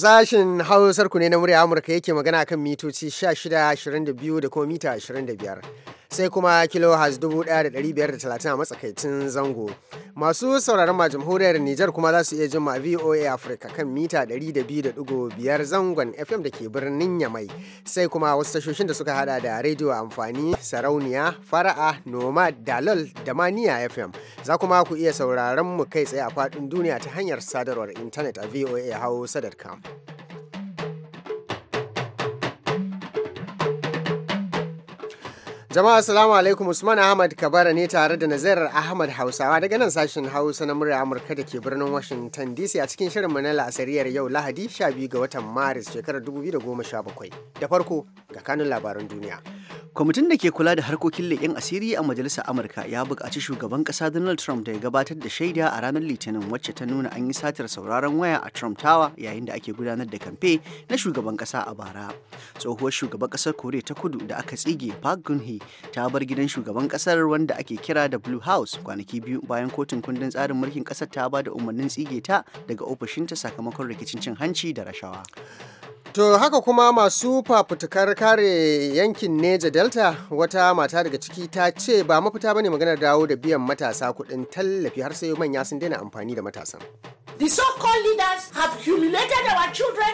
sashen hausar ku ne na murya Amurka yake magana kan mitoci 16, 22 da kuma mita 25. sai kuma kilohaz 1530 a matsakaicin zango. Masu sauraron ma jamhuriyar Nijar kuma za su iya jima ma VOA Africa kan mita 102.5 zangon FM da ke birnin Yamai. Sai kuma wasu tashoshin da suka hada da rediyo amfani, sarauniya, fara'a, noma, dalol da maniya FM. Za kuma ku iya sauraron mu kai tsaye a faɗin duniya ta hanyar sadarwar intanet a voa hausa.com. Jama'a assalamu alaikum Usman Ahmad Kabara ne tare da Nazarar Ahmad Hausawa daga nan sashen Hausa na murya Amurka da ke birnin Washington DC a cikin shirin na la'asariyar yau Lahadi 12 ga watan Maris shekarar 2017. Da farko ga kanun labaran duniya. kwamitin da ke kula da harkokin leƙen asiri a majalisar amurka ya buƙaci shugaban ƙasa donald trump da ya gabatar da shaida a ranar litinin wacce ta nuna an yi satar sauraron waya a trump tower yayin da ake gudanar da kamfe na shugaban ƙasa a bara tsohuwar shugaban ƙasar koriya ta kudu da aka tsige park geun ta bar gidan shugaban ƙasar wanda ake kira da blue house kwanaki biyu bayan kotun kundin tsarin mulkin ƙasar ta ba da umarnin tsige ta daga ofishinta sakamakon rikicin cin hanci da rashawa To haka kuma masu fafutukar kare yankin Neja Delta wata mata daga ciki ta ce ba mafita bane maganar dawo da biyan matasa kuɗin tallafi har sai manya sun daina amfani da matasan. The so-called leaders have humiliated our children.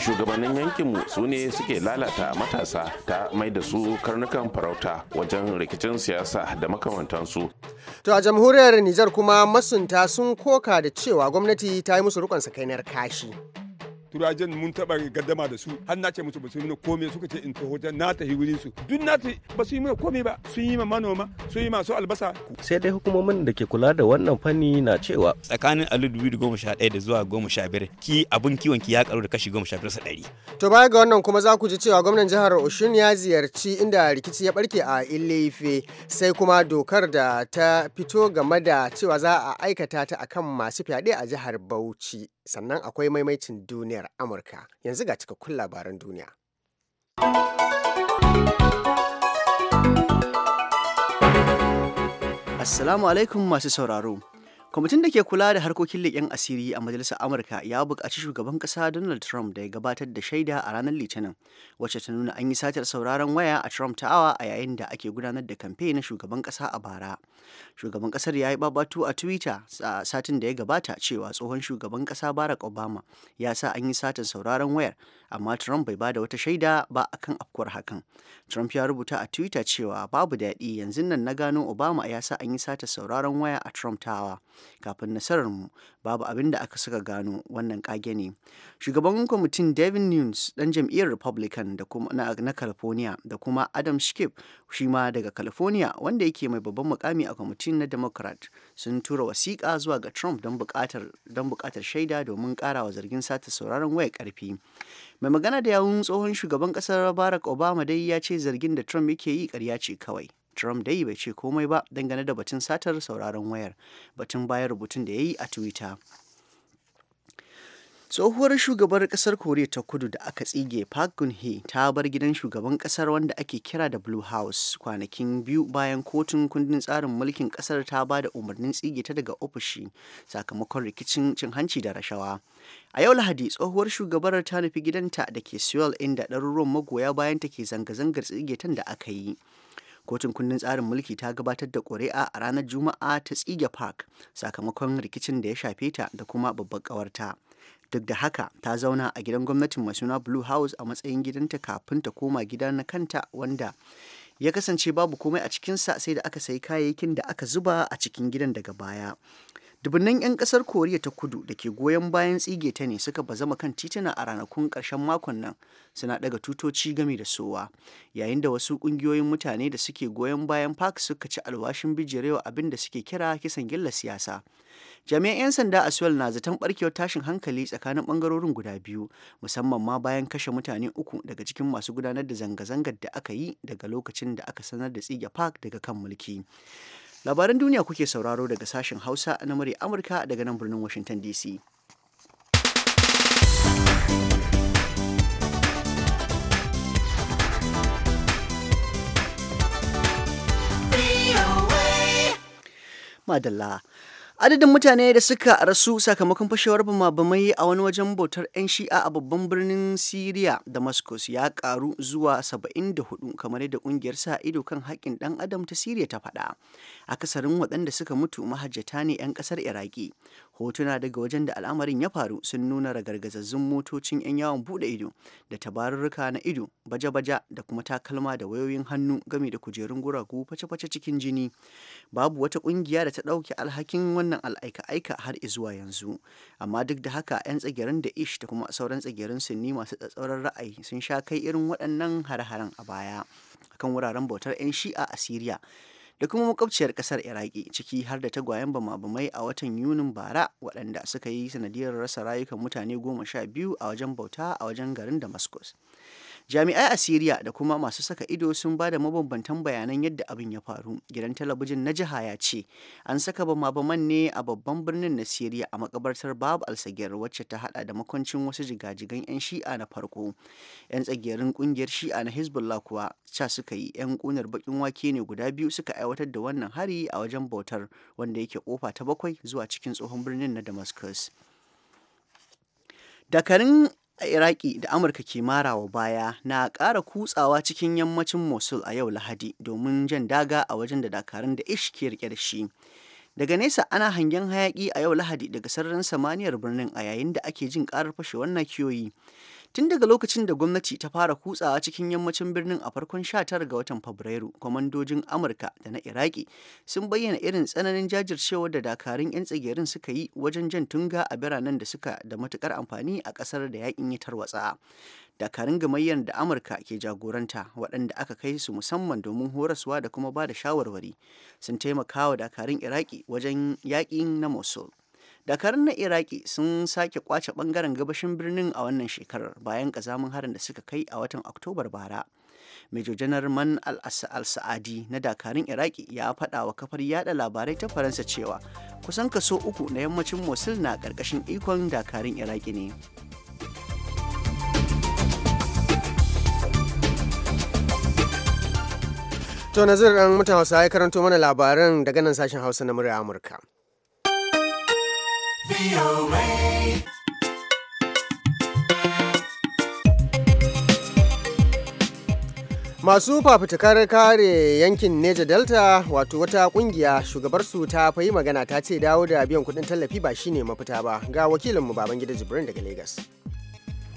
shugabannin yankinmu su ne suke lalata matasa ta mai da su karnukan farauta wajen rikicin siyasa da makamantansu. To a jamhuriyar Nijar kuma masunta sun koka da cewa gwamnati ta yi musu rukon sakainar kashi. turajen mun taba gaddama da su har na ce musu ba su yi komai suka ce in taho na tafi wurin su duk na ta ba su yi mana komai ba sun yi ma manoma sun yi masu albasa sai dai hukumomin da ke kula da wannan fanni na cewa tsakanin alu dubu da goma sha ɗaya da zuwa goma sha biyar ki abun kiwon ki ya karu da kashi goma sha biyar sa ɗari. to baya ga wannan kuma za ku ji cewa gwamnan jihar oshun ya ziyarci inda rikici ya barke a ilefe sai kuma dokar da ta fito game da cewa za a aikata ta akan masu fyaɗe a jihar bauchi sannan akwai maimaicin duniyar Amurka yanzu ga cikakkun labaran duniya. Assalamu alaikum masu sauraro. kwamitin da ke kula da harkokin leƙen asiri a majalisar amurka ya buƙaci shugaban ƙasa donald trump da ya gabatar da shaida a ranar litinin wacce ta nuna an yi satar sauraron waya a trump tawa a yayin da ake gudanar da kamfe na shugaban ƙasa a bara shugaban ƙasar ya yi babatu a twitter a satin da ya gabata cewa tsohon shugaban ƙasa barack obama ya sa an yi satar sauraron wayar amma trump bai bada wata shaida ba akan afkuwar hakan trump ya rubuta a twitter cewa babu daɗi yanzu nan na gano obama ya sa an yi satar sauraron waya a trump tawa kafin nasararmu babu abin da aka suka gano wannan kage ne shugaban kwamitin david nunes dan jam'iyyar republican da kuma na, na california da kuma adam skip shi ma daga california wanda yake mai babban mukami a kwamitin na democrat sun tura wasiƙa zuwa ga trump don buƙatar don buƙatar shaida domin ƙara wa zargin sata sauraron waya ƙarfi mai magana da yawun tsohon shugaban ƙasar barack obama dai ya ce zargin da trump yake yi ƙarya ce kawai Trump dai bai ce komai ba dangane da batun satar sauraron wayar batun bayan rubutun da ya yi a Twitter. tsohuwar shugabar kasar koriya ta kudu da aka tsige park geun hye ta bar gidan shugaban kasar wanda ake kira da blue house kwanakin biyu bayan kotun kundin tsarin mulkin kasar ta ba da umarnin tsige ta daga ofishi sakamakon rikicin cin hanci da rashawa a yau lahadi tsohuwar shugabar ta nufi gidanta da ke seoul inda ɗaruruwan magoya bayan ta ke zanga-zangar tsige da aka yi kotun kundin tsarin mulki ta gabatar da ƙuri'a a ranar juma'a ta tsige park sakamakon rikicin da ya shafe ta da kuma babbar ƙawarta duk da haka ta zauna a gidan gwamnatin mai suna blue house a matsayin gidanta kafin ta koma gida na kanta wanda ya kasance babu komai a cikinsa sai da aka sayi kayayyakin da aka zuba a cikin gidan daga baya dubunnan 'yan kasar koriya ta kudu da ke goyon bayan tsige ta ne suka bazama kan tituna a ranakun karshen makon nan suna daga tutoci gami da sowa yayin da wasu kungiyoyin mutane da suke goyon bayan park suka ci alwashin bijirewa abin da suke kira kisan gilla siyasa jami'an 'yan sanda a na zaton barkewar tashin hankali tsakanin bangarorin guda biyu musamman ma bayan kashe mutane uku daga cikin masu gudanar da zanga-zangar da aka yi daga lokacin da aka sanar da tsige park daga kan mulki labaran duniya kuke sauraro daga sashen hausa na murya amurka daga nan birnin washington dc madalla Adadin mutane da suka rasu sakamakon fashewar bamabamai a wani wajen bautar 'yan shi'a a babban birnin Siriya Damascus ya karu zuwa 74 kamar da kungiyar sa ido kan haƙƙin ɗan adam ta Siriya ta faɗa. Akasarin waɗanda suka mutu mahajjata ne 'yan ƙasar Iraki. hotuna daga wajen da al'amarin ya faru sun nuna ragargazazzun motocin 'yan yawon bude ido da tabarurruka na ido baja-baja da kuma takalma da wayoyin hannu game da kujerun guragu face-face cikin jini babu wata kungiya da ta ɗauke alhakin wannan al'aika-aika har izuwa yanzu amma duk da haka 'yan tsagerin da ish da kuma sauran tsagerin sunni masu tsatsauran ra'ayi sun sha kai irin waɗannan har-haren a baya akan wuraren bautar 'yan shi'a a siriya da kuma makwabciyar kasar iraki ciki har da tagwayen bama-bamai a watan yunin bara waɗanda suka yi sanadiyar rasa rayukan mutane goma sha biyu a wajen bauta a wajen garin damascus jami'ai a syria da kuma masu saka ido sun ba da mabambantan bayanan yadda abin ya faru gidan talabijin na jiha ya ce an saka bama-baman ne a babban birnin na syria a makabartar bab al-sagir wacce ta hada da makoncin wasu jigajigan 'yan shi'a na farko 'yan tsagerin kungiyar shi'a na hezbollah kuwa ca suka yi 'yan kunar bakin wake ne guda biyu suka aiwatar da wannan hari a wajen bautar wanda yake kofa ta bakwai zuwa cikin tsohon birnin na damascus dakarin a iraki da amurka ke marawa baya na ƙara kutsawa cikin yammacin mosul a yau lahadi domin jan daga a wajen da dakarun da ish ke rike da shi daga nesa ana hangen hayaƙi a yau lahadi daga sararin samaniyar birnin a yayin da ake jin karar fashewar nakiyoyi Tun daga lokacin da gwamnati ta fara kutsawa cikin yammacin birnin a farkon 19 ga watan Fabrairu, kwamandojin Amurka da na Iraki sun bayyana irin tsananin jajircewar da dakarun 'yan tsagerin suka yi wajen jan tunga a biranen da suka da matukar amfani a kasar da yaƙin ya tarwatsa. Dakarun gamayyar da Amurka ke jagoranta waɗanda aka kai su musamman domin horaswa da kuma ba da shawarwari sun taimakawa dakarun Iraki wajen yakin na Mosul. dakarun na iraki sun sake kwace bangaren gabashin birnin a wannan shekarar bayan kazamin harin da suka kai a watan oktobar bara major General man al-sa'adi na dakarun iraki ya faɗa wa kafar yada labarai ta faransa cewa kusan kaso uku na yammacin mosul na ƙarƙashin ikon dakarun iraki ne to nazir dan mutan hausa ya karanto mana labaran daga nan sashen hausa na murya amurka masu fafutukar kare yankin neja delta wato wata kungiya shugabarsu ta fayi magana ta ce dawo da biyan kudin tallafi ba shine mafita ba ga wakilinmu babangida jibrin daga lagos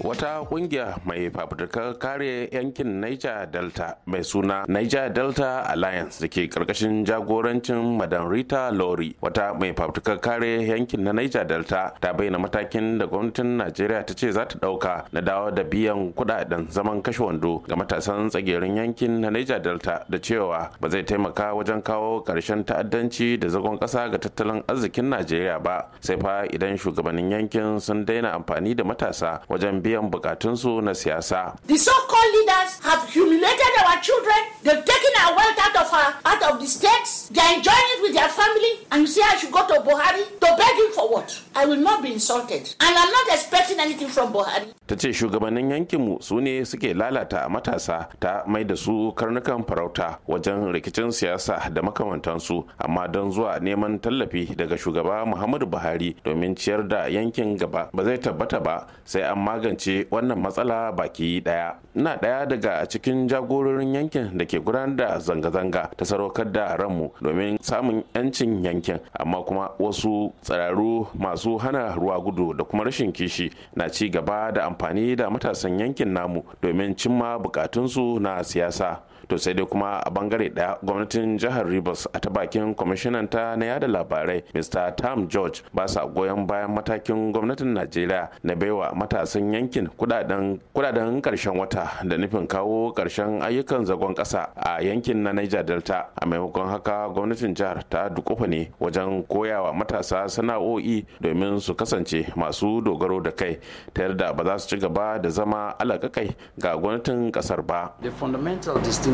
wata kungiya mai fafutukar kare yankin niger delta mai suna niger delta alliance da ke karkashin jagorancin madam rita lori wata mai fafutukar kare yankin na niger delta ta bayyana matakin da gwamnatin najeriya ta ce za ta dauka na dawo da biyan kudaden zaman kashe wando ga matasan tsagerin yankin na niger delta da cewa ba zai taimaka wajen kawo karshen ta'addanci da zagon kasa ga tattalin arzikin najeriya ba sai fa idan shugabannin yankin sun daina amfani da matasa wajen biyan biyan bukatunsu na siyasa. The so-called leaders have humiliated our children, they've taken our wealth out of our, out of the states, they are enjoying it with their family, and you say I should go to Buhari to beg him for what? I will not be insulted, and I'm not anything from Buhari. Ta ce shugabannin yankinmu su ne suke lalata matasa ta mai da su karnukan farauta wajen rikicin siyasa da makamantansu amma don zuwa neman tallafi daga shugaba Muhammadu Buhari domin ciyar da yankin gaba ba zai tabbata ba sai an magance wannan matsala baki daya. Ina daya daga cikin jagororin yankin da ke gudanar da zanga-zanga ta sadaukar da ranmu domin samun 'yancin yankin amma kuma wasu tsiraru masu hana ruwa gudu da kuma rashin kishi na ci gaba da amfani da matasan yankin namu domin cimma bukatunsu na siyasa to sai dai kuma a bangare daya gwamnatin jihar rivers a ta bakin kwamishinan ta na yada labarai mr tam george ba sa goyon bayan matakin gwamnatin najeriya na baiwa matasan yankin kudaden karshen wata da nufin kawo karshen ayyukan zagon kasa a yankin na niger delta a maimakon haka gwamnatin jihar ta dukufa ne wajen koyawa matasa sana'o'i domin su kasance masu dogaro da kai ta yarda ba za su ci gaba da zama alakakai ga gwamnatin kasar ba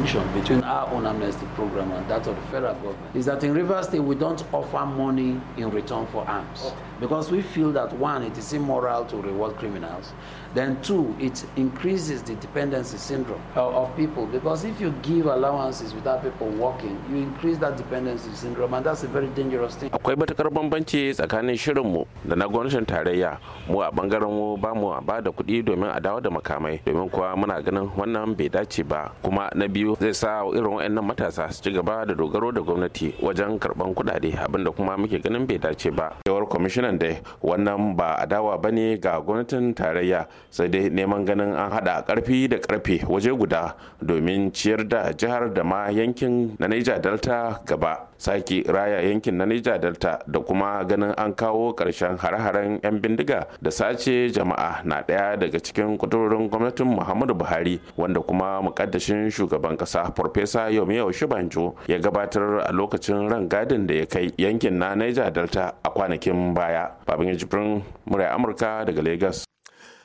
distinction between our own amnesty program and that of the federal government is that in Rivers State we don't offer money in return for arms. Okay because we feel that one, it is immoral to reward criminals. Then two, it increases the dependency syndrome of, people because if you give allowances without people working, you increase that dependency syndrome and that's a very dangerous thing. Akwai matakar bambanci tsakanin shirinmu da na gwamnatin tarayya mu a bangaren mu ba mu ba da kuɗi domin a dawo da makamai domin kuwa muna ganin wannan bai dace ba kuma na biyu zai sa irin waɗannan matasa su ci gaba da dogaro da gwamnati wajen karɓan kuɗaɗe abinda kuma muke ganin bai dace ba. Yawar kwamishinan nan dai wannan ba adawa ba ne ga gwamnatin tarayya sai dai neman ganin an hada karfi da karfe waje guda domin ciyar da jihar da ma yankin na Niger Delta gaba saki raya yankin na Niger Delta da kuma ganin an kawo ƙarshen hare-haren 'yan bindiga da sace jama'a na ɗaya daga cikin kudurorin gwamnatin Muhammadu Buhari wanda kuma mukaddashin shugaban kasa Farfesa Yomi Shibanjo ya gabatar a lokacin rangadin da ya kai yankin na Niger Delta a kwanakin baya. baya babin jibrin murai amurka daga lagos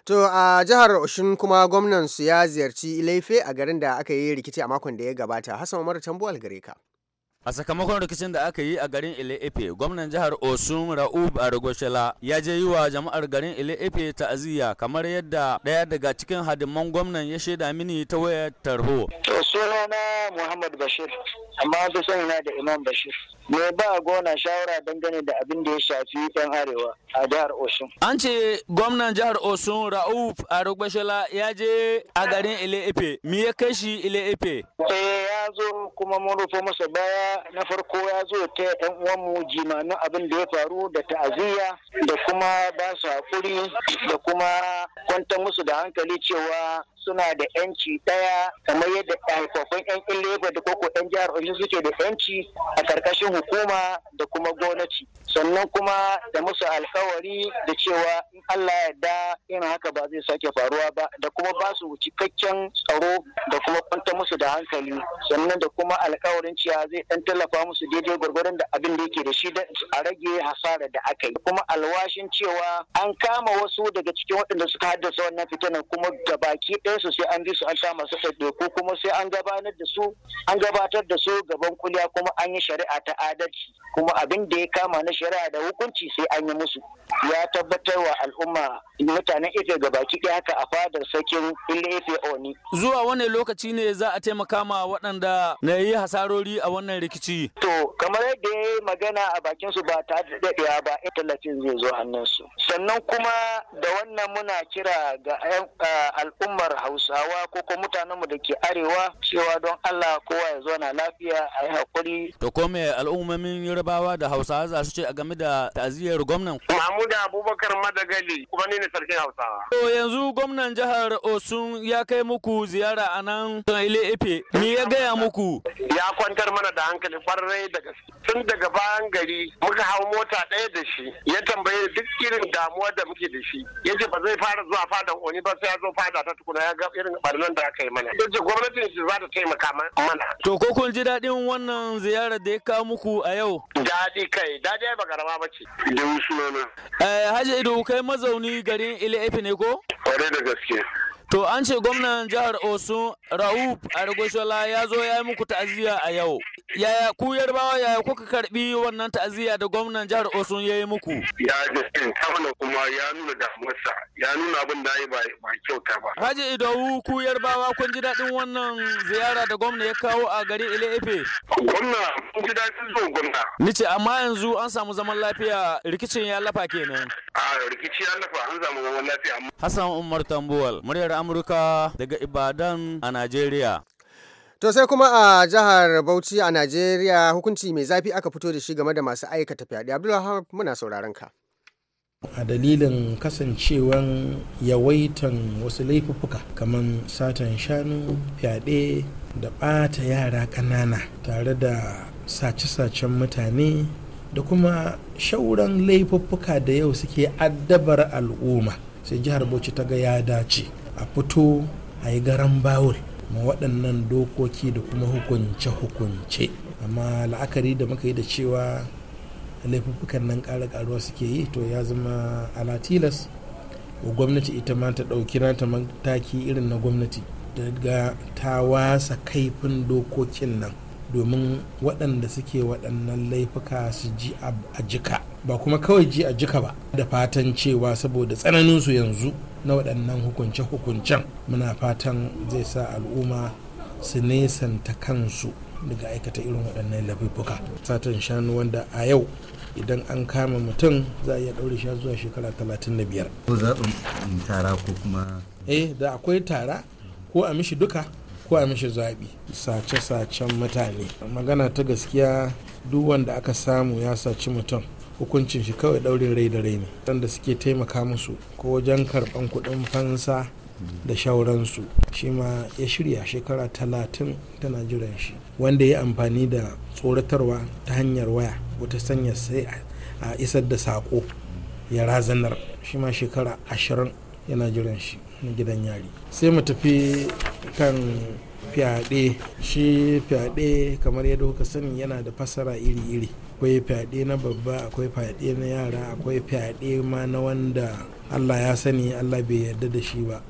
To a jihar Oshun kuma gwamnan su ya ziyarci Ilaife a garin da aka yi rikici a makon da ya gabata. Hassan Umaru Tambuwal gare ka. A sakamakon rikicin da aka yi a garin Ile-Ife, gwamnan jihar Osun Ra'ub Arugoshela ya je yi wa jama'ar garin Ile-Ife ta'aziyya kamar yadda ɗaya daga cikin hadiman gwamnan ya shaida mini ta wayar tarho. To sunana Muhammad Bashir, amma fi sanina da Imam Bashir. Me ba gona shawara dangane da abin da ya shafi ɗan arewa a jihar Osun. An ce gwamnan jihar Osun Ra'ub Arugoshela ya je a garin Ile-Ife. Me ya kai shi Ile-Ife? Eh zo kuma mun rufe masa baya na farko ya zo ta yan mu jimamin abin da ya faru da ta'aziyya da kuma ba su haƙuri da kuma kwantar musu da hankali cewa suna da yanci daya kamar yadda haifafun yan ileba da koko yan jihar Osun suke da yanci a karkashin hukuma da kuma gwamnati sannan kuma da musu alkawari da cewa in Allah ya da irin haka ba zai sake faruwa ba da kuma ba su cikakken tsaro da kuma kwanta musu da hankali sannan da kuma alkawarin cewa zai dan tallafa musu daidai gwargwaron da abin da yake da shi a rage hasara da aka yi kuma alwashin cewa an kama wasu daga cikin waɗanda suka haddasa wannan fitinar kuma baki ɗaya su sai an bi su an kama masu ɗaiɗe ko kuma sai an gabatar da su an gabatar da su gaban kuliya kuma an yi shari'a ta adalci kuma abin da ya kama na shari'a da hukunci sai an yi musu ya tabbatar wa al'umma mutanen ife ga baki ɗaya haka a fadar sakin ile ife oni. zuwa wani lokaci ne za a taimaka ma waɗanda na yi hasarori a wannan rikici. to kamar yadda ya yi magana a bakin su ba ta daɗewa ba in talatin zai zo hannun su. sannan kuma da wannan muna kira ga eh, al'ummar hausawa ko ko mu da ke arewa cewa don allah kowa ya na lafiya a yi hakuri to ko me al'ummomin yarbawa da hausawa za su ce a game da ta'aziyar gwamnan. mahmuda abubakar madagali kuma ni ne sarkin hausawa. to yanzu gwamnan jihar osun ya kai muku ziyara a nan ile ife Ni ya gaya muku. ya kwantar mana da hankali kwarai da gaske tun daga bayan gari muka hau mota ɗaya da shi ya tambaye duk irin damuwa da muke da shi ya ba zai fara zuwa fadan oni ba sai ya zo fada ta tukuna ya ga irin barnan da aka yi mana yace gwamnatin shi za ta taimaka mana to ko kun ji daɗin wannan ziyarar da ya kawo muku a yau daɗi kai daɗi ai baka ba ce. da usmanu eh haji ido kai mazauni garin ile ne ko kware da gaske To an ce gwamnan jihar Osun Rauf Argoshola ya zo ya yi muku ta'aziyya a yau. Yaya ku Yarbawa yaya kuka karbi wannan ta'aziyya da gwamnan jihar Osun ya yi muku? Ya jin tauna kuma ya nuna damuwarsa, ya nuna abin da ya ba kyauta ba. Haji Idowu ku Yarbawa kun ji daɗin wannan ziyara da gwamna ya kawo a gari Ile Efe. Gwamna kun ji daɗin zo gwamna. Ni ce amma yanzu an samu zaman lafiya rikicin ya lafa kenan. A rikici ya lafa an samu zaman lafiya. Hassan Umar Tambuwal, muryar Amurka daga Ibadan a Najeriya. To sai kuma a jihar Bauchi a Najeriya hukunci mai zafi aka fito da shi game da masu aikata fyaɗe. Abdullahi muna sauraron ka. a dalilin kasancewan yawaitan wasu laifuffuka kamar satan shanu fyaɗe da ɓata yara ƙanana tare da sace-sacen mutane da kuma shauran laifuffuka da yau suke addabar al'umma sai jihar bauchi ta ga ya dace a fito a yi garan bawul ma waɗannan dokoki da kuma hukunce-hukunce amma la'akari da muka yi da cewa laifuffukan nan ƙara ƙaruwa suke yi to ya zama ala tilas. ko gwamnati ita ma ta ɗauki nata mataki irin na gwamnati daga ta wasa kaifin dokokin nan domin waɗanda suke waɗannan laifuka su ji a jika ba kuma kawai ji a jika ba da fatan cewa saboda tsananinsu yanzu na waɗannan hukunce-hukuncen muna fatan zai sa al'umma su nesanta kansu daga aikata irin waɗannan labibuka satan shanu wanda a yau idan an kama mutum za a iya ɗaure shi zuwa shekara 35 ko zaɓin tara ko kuma eh da akwai tara ko a mishi duka ko a mishi zaɓi sace-sacen mutane magana ta gaskiya duk wanda aka samu ya saci mutum hukuncin shi kawai daurin rai da rai ne wanda suke taimaka musu ko wajen karban kuɗin fansa da shauransu shi ma ya shirya shekara talatin tana jiran shi wanda ya amfani da tsoratarwa ta hanyar waya wata sanya sai a isar da sako ya razanar shi ma shekara ashirin yana jiran shi na gidan yari sai mu tafi kan fyaɗe shi fyaɗe kamar yadda kuka sani yana da fasara iri-iri akwai fyaɗe na babba akwai fyaɗe na yara akwai fyaɗe ma na wanda allah ya sani allah bai yarda da shi ba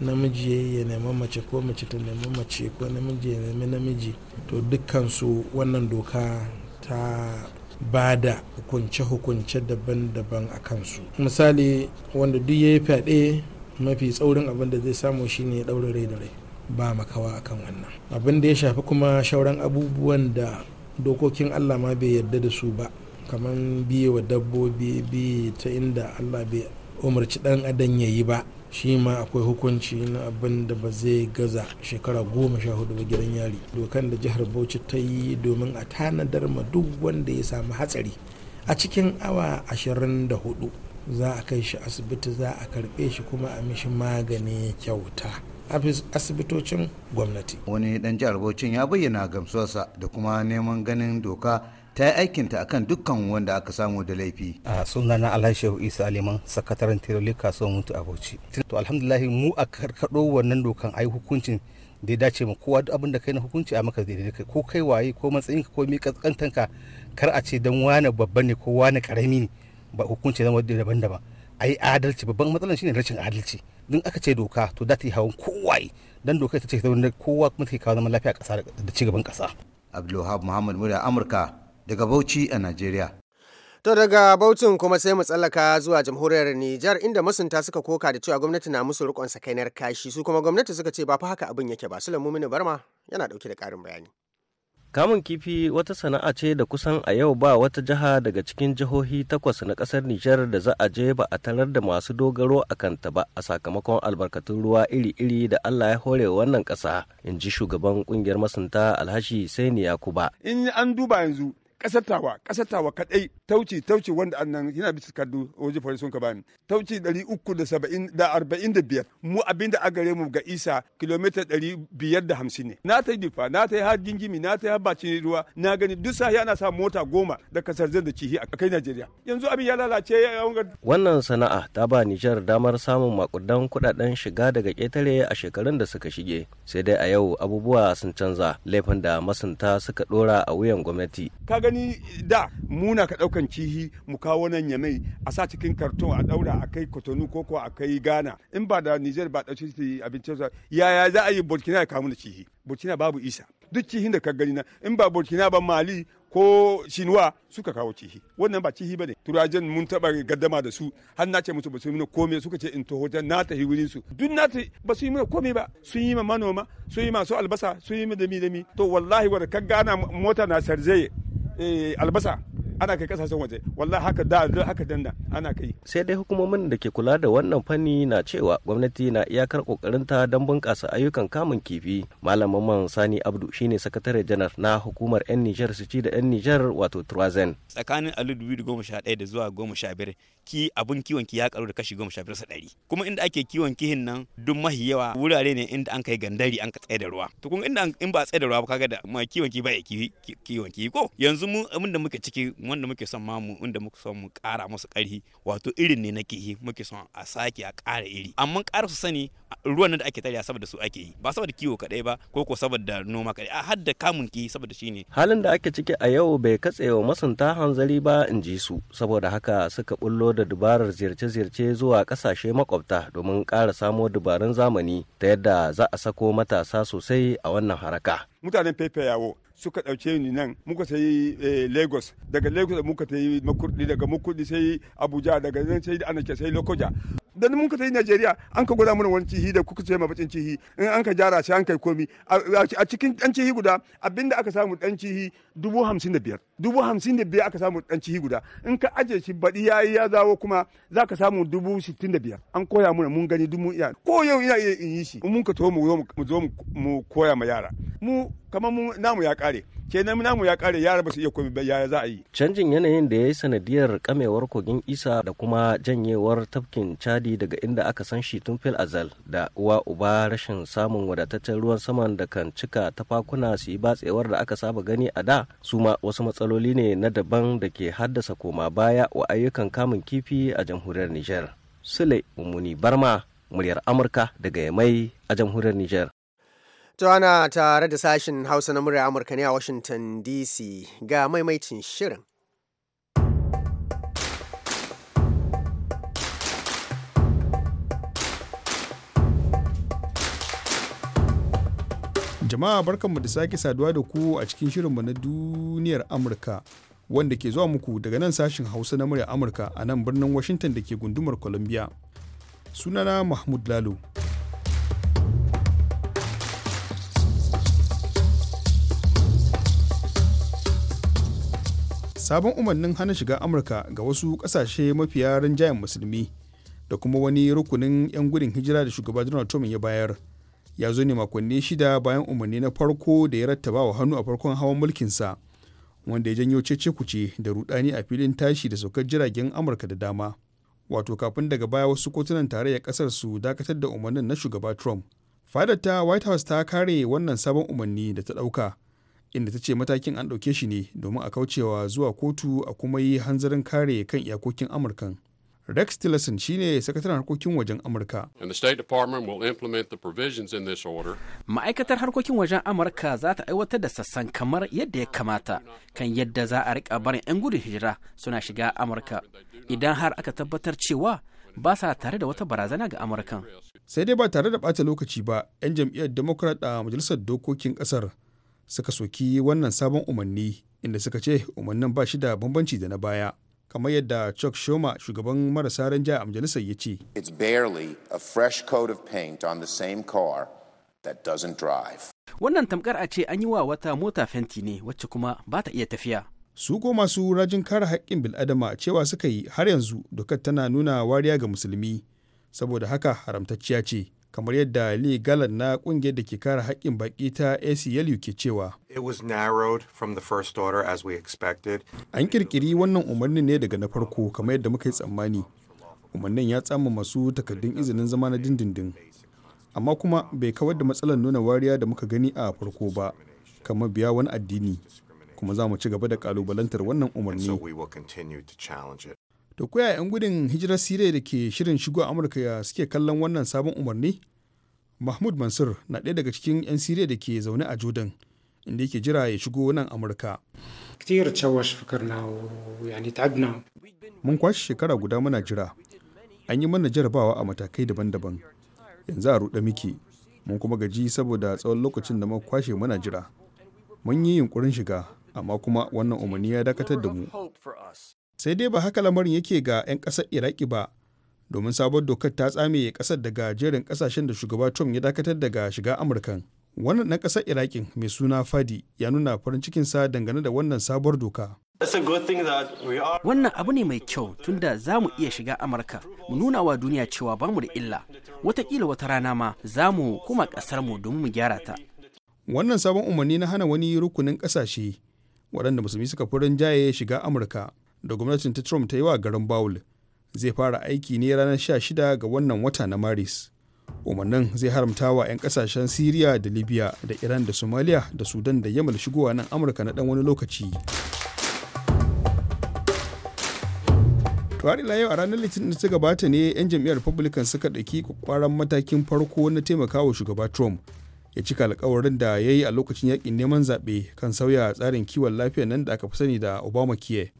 namiji ya nemi mace ko mace ta nemi mace ko namiji ya nemi namiji to dukkansu wannan doka ta ba da hukunce-hukunce daban-daban a kansu misali wanda duk ya yi fyaɗe mafi tsaurin abin da zai samu shine ɗaure rai da rai ba makawa akan wannan abin da ya shafi kuma shauran abubuwan da dokokin allah ma bai yarda da su ba kamar biye wa dabbobi biye ta inda allah bai umarci dan adam ya yi ba shi ma akwai hukunci na abin da ba zai gaza shekara goma sha hudu ba gidan yari dokan da jihar bauchi ta yi domin a tanadar ma duk wanda ya samu hatsari a cikin awa ashirin da hudu za a kai shi asibiti za a karbe shi kuma a mishi magani kyauta asibitocin gwamnati wani dan jihar bauchin ya bayyana gamsuwarsa da kuma neman ganin doka ta yi aikinta a kan dukkan wanda aka samu da laifi a sunana alhaji isa aliman sakataren tiroli kasuwar mutu a bauchi to alhamdulahi mu a karkaɗo wannan dokan ai hukuncin da ya dace ma kowa duk abin da kai na hukunci a maka daidai kai ko kai waye ko matsayinka ko mi kantanka kar a ce dan wani babba ne ko wani karami ne ba hukunci zama daban-daban a yi adalci babban matsalar shine rashin adalci don aka ce doka to za ta yi hawan yi don doka ita ce ta wani kowa kuma ta kawo zaman lafiya ƙasa da cigaban ƙasa. Abdulwahab Muhammad Murya Amurka daga Bauchi a Najeriya. To daga baucin kuma sai mu tsallaka zuwa jamhuriyar Nijar inda masunta suka koka da cewa gwamnati na musu rikon sakainar kashi su kuma gwamnati suka ce ba fa haka abin yake ba. Sulaimu Mini Barma yana dauke da karin bayani. Kamun kifi wata sana'a ce da kusan a yau ba wata jiha daga cikin jihohi takwas na kasar Nijar da za a je ba a tarar da masu dogaro a kanta ba a sakamakon albarkatun ruwa iri-iri da Allah ya hore wannan ƙasa, in ji shugaban ƙungiyar masunta Alhashi sai Saini Yakuba. In an duba yanzu kasatawa kasatawa tawa kadai tauci tauci wanda annan yana bisa kaddu waje fari sun ka bani tauci 345 mu abinda a gare mu ga isa kilomita 550 ne na ta difa na ta har gingimi na ta har bacin ruwa na gani duk sa yana sa mota goma da kasar zan da cihi a kai Najeriya yanzu abin ya lalace ya wannan sana'a ta ba Nijar damar samun makudan kudaden shiga daga ketare a shekarun da suka shige sai dai a yau abubuwa sun canza laifin da masunta suka dora a wuyan gwamnati kaga gani da muna ka daukan kihi mu kawo nan mai a sa cikin karton a daura a kai kotonu ko ko a kai gana in ba da niger ba dauki shi abincin sa yaya za a yi burkina ya kawo mana kihi burkina babu isa duk kihin da ka gani na in ba burkina ba mali ko shinwa suka kawo cihi wannan ba cihi bane turajen mun taba gaddama da su har na ce musu ba su yi mana komai suka ce in taho na tafi wurin su duk na ta ba su yi mana komai ba sun yi ma manoma sun yi masu albasa sun yi ma dami dami to wallahi wanda ka gana mota na sarjaye Eh, albasa ana kai kasashen waje wallahi haka da haka danda ana kai sai dai hukumomin da ke kula da wannan fanni na cewa gwamnati na iyakar kokarinta don bunƙasa ayyukan kamun kifi malamin man sani abdu shine sakatare janar na hukumar yan niger su ci da yan niger wato trazen tsakanin alu 2011 da zuwa biyar ki abun kiwon ki ya karu da kashi biyar sa ɗari kuma inda ake kiwon kihin nan duk mahi yawa wurare ne inda an kai gandari an ka tsaye da ruwa to kun inda in ba tsaye da ruwa ba kaga da ma kiwon ki ba ya kiwon ki ko yanzu yanzu mu abin da muke ciki wanda muke son mamu inda muke son mu ƙara masa ƙarfi wato irin ne na kihi muke son a sake a ƙara iri amma ƙara su sani ruwan da ake tarewa saboda su ake yi ba saboda kiwo kaɗai ba ko ko saboda noma kaɗai a har da kamun ki saboda ne. halin da ake ciki a yau bai katse wa masunta hanzari ba in ji su saboda haka suka bullo da dubarar ziyarce-ziyarce zuwa kasashe makwabta domin ƙara samo dubarun zamani ta yadda za a sako matasa sosai a wannan haraka mutanen fefe yawo suka ɗauke ni nan muka sai eh, lagos daga lagos muka ta makurdi daga makurdi sai abuja daga nan sai ana sai lokoja da mun ka yi Najeriya an ka gwada mana wani cihi da kuka ce ma bacin cihi in an ka jara shi an kai komi a cikin dan cihi guda abinda aka samu dan cihi dubu hamsin da biyar dubu hamsin da biyar aka samu dan cihi guda in ka aje shi baɗi ya yi ya zawo kuma za ka samu dubu sittin da biyar an koya mana mun gani dubu iya ko yau ina iya in yi shi mun ka taho mu zo mu koya ma yara mu kamar mu namu ya kare kenan namu ya kare yara ba su iya komai ya za a yi canjin yanayin da ya yi sanadiyar kamewar kogin isa da kuma janyewar tafkin chadi daga inda aka san shi tun fil azal da uwa uba rashin samun wadataccen ruwan saman da kan cika tafakuna su yi batsewar da aka saba gani a da su ma wasu matsaloli matsaloli ne na daban da ke haddasa koma baya wa ayyukan kamun kifi a jamhuriyar Nijar. Sule Mummuni Barma, muryar Amurka daga Yamai a jamhuriyar Nijar. Tana tare da sashen Hausa na muryar Amurka ne a Washington DC ga maimaitin shirin. Jama'a barkanmu da sake saduwa da ku a cikin shirinmu na duniyar Amurka wanda ke zuwa muku daga nan sashen Hausa na murya Amurka a nan birnin Washington da ke gundumar Columbia. Sunana Mahmud Lalo. Sabon umarnin hana shiga Amurka ga wasu kasashe mafiya rinjayen musulmi da kuma wani rukunin 'yan gudun hijira da shugaba Donald Trump ya bayar. ya zo ne makonni shida bayan umarni na farko da ya rattaba wa hannu a farkon hawan mulkinsa wanda ya janyo cece-kuce da rudani a filin tashi da saukar jiragen amurka da dama wato kafin daga baya wasu kotunan tarayya kasar su dakatar da umarnin na shugaba trump fadar ta white house ta kare wannan sabon umarni da ta ɗauka inda ta ce matakin an ɗauke shi ne domin a kaucewa zuwa kotu a kuma yi hanzarin kare kan iyakokin amurkan Rex Tillerson shine sakataren harkokin wajen Amurka. Ma'aikatar harkokin wajen Amurka za ta aiwatar da sassan kamar yadda ya kamata kan yadda za a rika barin 'yan gudun hijira suna shiga Amurka idan har aka tabbatar cewa ba sa tare da wata barazana ga Amurkan. Sai dai ba tare da bata lokaci ba 'yan jam'iyyar Democrat a Majalisar Dokokin Ƙasar suka soki wannan sabon umarni inda suka ce umarnin ba shi da bambanci da na baya. kamar yadda chuck shoma shugaban marasa ranja a majalisar ya ce it's barely a fresh coat of paint on the same car that doesn't drive wannan tamkar a ce an yi wa wata mota fenti ne wacce kuma ba ta iya tafiya su ko masu rajin kare haƙƙin bil'adama cewa suka yi har yanzu dokar tana nuna wariya ga musulmi saboda haka haramtacciya ce kamar yadda Lee Gallant na kungiyar da ke kare haƙƙin baƙi ta ACLU ke cewa. It was narrowed from the first order as we expected. An kirkiri wannan umarnin ne daga na farko kamar yadda muka yi tsammani. Umarnin ya tsama masu takardun izinin zama na dindindin. Amma kuma bai kawar da matsalar nuna wariya da muka gani a farko ba, kamar biya wani addini. Kuma za mu ci gaba da kalubalantar wannan umarni. to ko 'yan gudun hijirar siriya da ke shirin shigo amurka ya suke kallon wannan sabon umarni mahmud mansur na ɗaya daga cikin 'yan siriya da ke zaune a jordan inda yake jira ya shigo nan amurka mun kwashe shekara guda muna jira an yi mana jarabawa a matakai daban-daban yanzu a ruɗe muke mun kuma gaji saboda tsawon lokacin da muka kwashe muna jira mun yi yunkurin shiga amma kuma wannan umarni ya dakatar da mu sai dai ba haka lamarin yake ga 'yan ƙasar iraki ba domin sabon dokar ta tsame ƙasar daga jerin ƙasashen da shugaba trump ya dakatar daga shiga amurkan wannan na ƙasar iraki mai suna fadi ya nuna farin cikin sa dangane da wannan sabuwar doka Wannan abu ne mai kyau tunda za mu iya shiga Amurka mu nuna wa duniya cewa ba mu da illa. Wataƙila wata rana ma za mu kuma ƙasar mu domin mu gyara ta. Wannan sabon umarni na hana wani rukunin ƙasashe waɗanda musulmi suka fi rinjaye shiga Amurka da gwamnatin ta Trump ta yi wa garin Bawul zai fara aiki ne ranar 16 ga wannan wata na Maris. Umarnin zai haramta wa 'yan kasashen Siriya da Libya da Iran da Somalia da Sudan da Yamal shigowa nan Amurka na ɗan wani lokaci. Tuwari yau a ranar Litinin da ta gabata ne 'yan jam'iyyar Republican suka ɗauki kwakwaran matakin farko na taimakawa shugaba Trump ya cika alkawarin da ya yi a lokacin yakin neman zaɓe kan sauya tsarin kiwon lafiya nan da aka fi sani da Obamacare.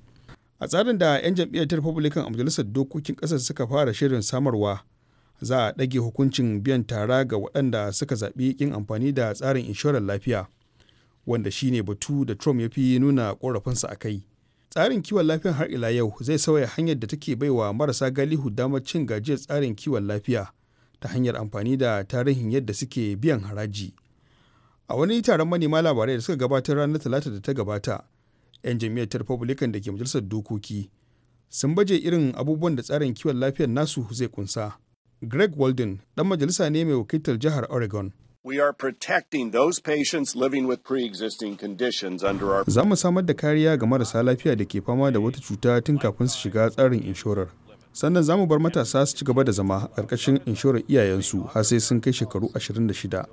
a tsarin da 'yan jam'iyyar ta republican a majalisar dokokin ƙasar suka fara shirin samarwa za a ɗage hukuncin biyan tara ga waɗanda suka zaɓi ƙin amfani da tsarin inshorar lafiya wanda shine batu da trump ya fi nuna ƙorafinsa a kai tsarin kiwon lafiyar har ila yau zai sauya hanyar da take baiwa marasa galihu damar cin gajiyar tsarin kiwon lafiya ta hanyar amfani da tarihin yadda suke biyan haraji a wani taron manema labarai da suka gabatar ranar talata da ta gabata 'yan jam'iyyar ta republican da ke majalisar dokoki sun baje irin abubuwan da tsarin kiwon lafiyar nasu zai kunsa greg walden dan majalisa ne mai wakiltar jihar oregon za mu samar da kariya ga marasa lafiya da ke fama da wata cuta tun kafin su shiga tsarin inshorar sannan za mu bar matasa su ci gaba da zama ƙarƙashin inshorar iyayensu har sai sun kai shekaru 26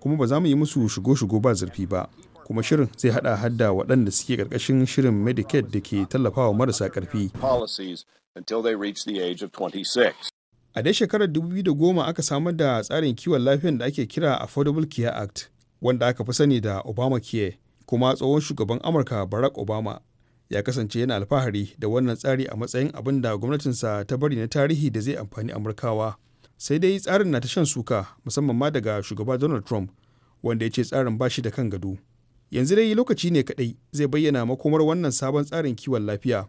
kuma ba za mu yi musu shigo-shigo ba zurfi ba kuma shirin zai hada hadda waɗanda suke ƙarƙashin shirin medicaid da ke tallafawa marasa ƙarfi a dai shekarar 2010 aka samar da tsarin kiwon lafiyan da ake kira affordable care act wanda aka fi sani da obamacare kuma tsohon shugaban amurka barack obama ya kasance yana alfahari da wannan tsari a matsayin abin da gwamnatinsa ta bari na tarihi da zai amfani amurkawa sai dai tsarin na ta shan suka musamman ma daga shugaba donald trump wanda ya ce tsarin bashi da kan gado yanzu dai lokaci ne kaɗai zai bayyana makomar wannan sabon tsarin kiwon lafiya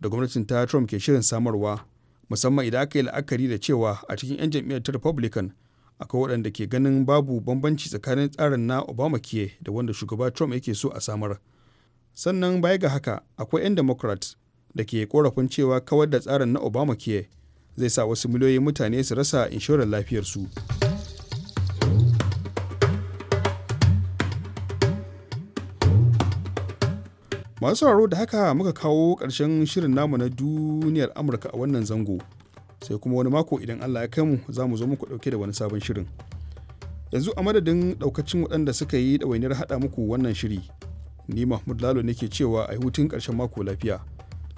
da gwamnatin ta trump ke shirin samarwa musamman idan aka yi la'akari da cewa a cikin 'yan jam'iyyar ta republican akwai waɗanda ke ganin babu bambanci tsakanin tsarin na obama obamacare da wanda shugaba trump yake so a samar sannan baya ga haka akwai 'yan democrat da ke korafin cewa kawar da tsarin na obama ke zai sa wasu miliyoyin mutane su rasa inshorar lafiyarsu. su masu sauraro da haka muka kawo ƙarshen shirin namu na duniyar amurka a wannan zango sai kuma wani mako idan allah ya kai mu za mu zo muku ɗauke da wani sabon shirin yanzu a madadin ɗaukacin waɗanda suka yi ɗawainiyar haɗa muku wannan shiri ni mahmud lalo nake cewa a yi hutun ƙarshen mako lafiya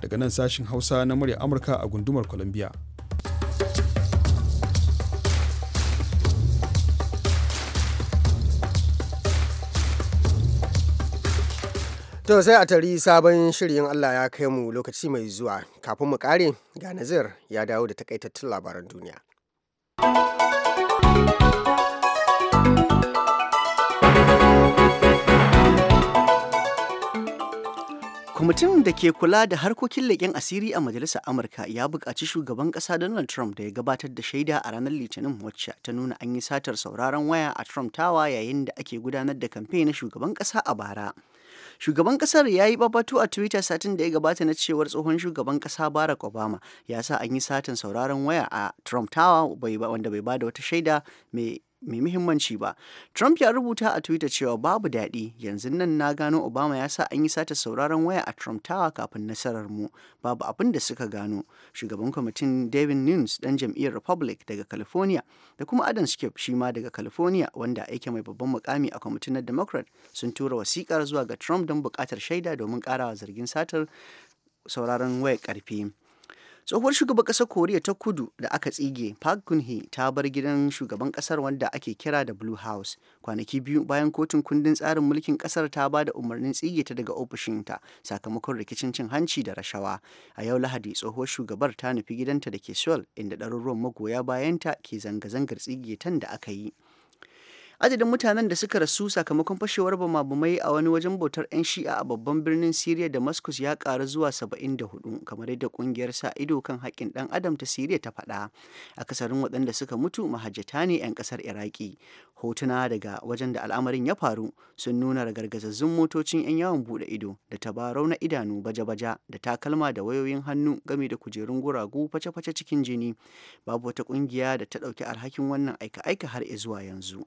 daga nan sashin hausa na murya amurka a gundumar columbia To sai a tari sabon shirin Allah ya kai mu lokaci mai zuwa kafin mu kare ga Nazir ya dawo da takaitattun labaran duniya. kwamitin da ke kula da harkokin leƙen asiri a majalisar amurka ya buƙaci shugaban ƙasa donald trump da ya gabatar da shaida a ranar litinin wacce ta nuna an yi satar sauraron waya a trump tower yayin da ake gudanar da kamfe na shugaban ƙasa a bara Shugaban kasar ya yi babatu a Twitter satin da ya gabata na cewar tsohon shugaban kasa Barack Obama ya sa an yi satin sauraron waya a Trump Tower wanda bai bada wata shaida mai mai muhimmanci ba. Trump ya rubuta a Twitter cewa babu daɗi yanzu nan na gano Obama ya sa an yi sata sauraron waya a Trump Tower kafin nasarar mu babu abin da suka gano. Shugaban kwamitin David Nunes ɗan jam'iyyar Republic daga California da kuma Adam Schiff shi ma daga California wanda aiki mai babban mukami a kwamitin na Democrat sun tura wasiƙar zuwa ga Trump don buƙatar shaida domin ƙarawa zargin satar sauraron waya ƙarfi. tsohuwar shugaban ƙasar koriya ta kudu da aka tsige park geun ta bar gidan shugaban ƙasar wanda ake kira da blue house kwanaki biyu bayan kotun kundin tsarin mulkin ƙasar ta ba da umarnin tsige ta daga ofishinta sakamakon rikicin cin hanci da rashawa a yau lahadi tsohuwar shugabar ta nufi gidanta da ke seoul inda ɗaruruwan magoya bayanta ke zanga-zangar tsige tan da aka yi adadin mutanen da suka rasu sakamakon fashewar bamabumai a wani wajen bautar 'yan shi'a a babban birnin siriya damascus ya karu zuwa 74 kamar yadda kungiyar sa ido kan haƙƙin ɗan adam ta siriya ta faɗa a akasarin waɗanda suka mutu mahajjata ne 'yan ƙasar iraki hotuna daga wajen da al'amarin ya faru sun nuna ragargazazzun motocin 'yan yawon buɗe ido da tabarau na idanu baja-baja da takalma da wayoyin hannu game da kujerun guragu face-face cikin jini babu wata ƙungiya da ta ɗauki alhakin wannan aika-aika har zuwa yanzu.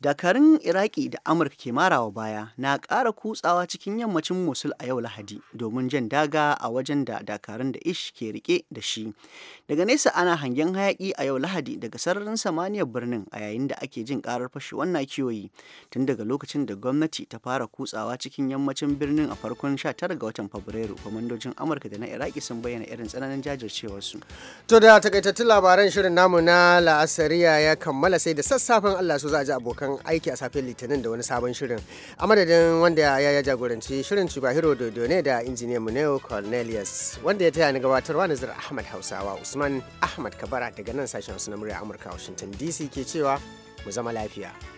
dakarun iraki da amurka ke marawa baya na ƙara kutsawa cikin yammacin mosul a yau lahadi domin jan daga a wajen da dakarun da ish ke rike da shi daga nesa ana hangen hayaƙi a yau lahadi daga sararin samaniyar birnin a yayin da ake jin karar fashe wannan kiyoyi tun daga lokacin da gwamnati ta fara kutsawa cikin yammacin birnin a farkon 19 ga watan fabrairu kwamandojin amurka da na iraki sun bayyana irin tsananin jajircewarsu to da takaitattun labaran shirin namu na la'asariya ya kammala sai da sassafen allah su za a ji abokan abokan aiki a safiyar litinin da wani sabon shirin a madadin wanda ya jagoranci shirin cibahiro dodo ne da injiniyan mu neo cornelius wanda ya taya ni gabatarwa nazar ahmad hausawa usman ahmad kabara daga nan sashen wasu na murya amurka washington dc ke cewa mu zama lafiya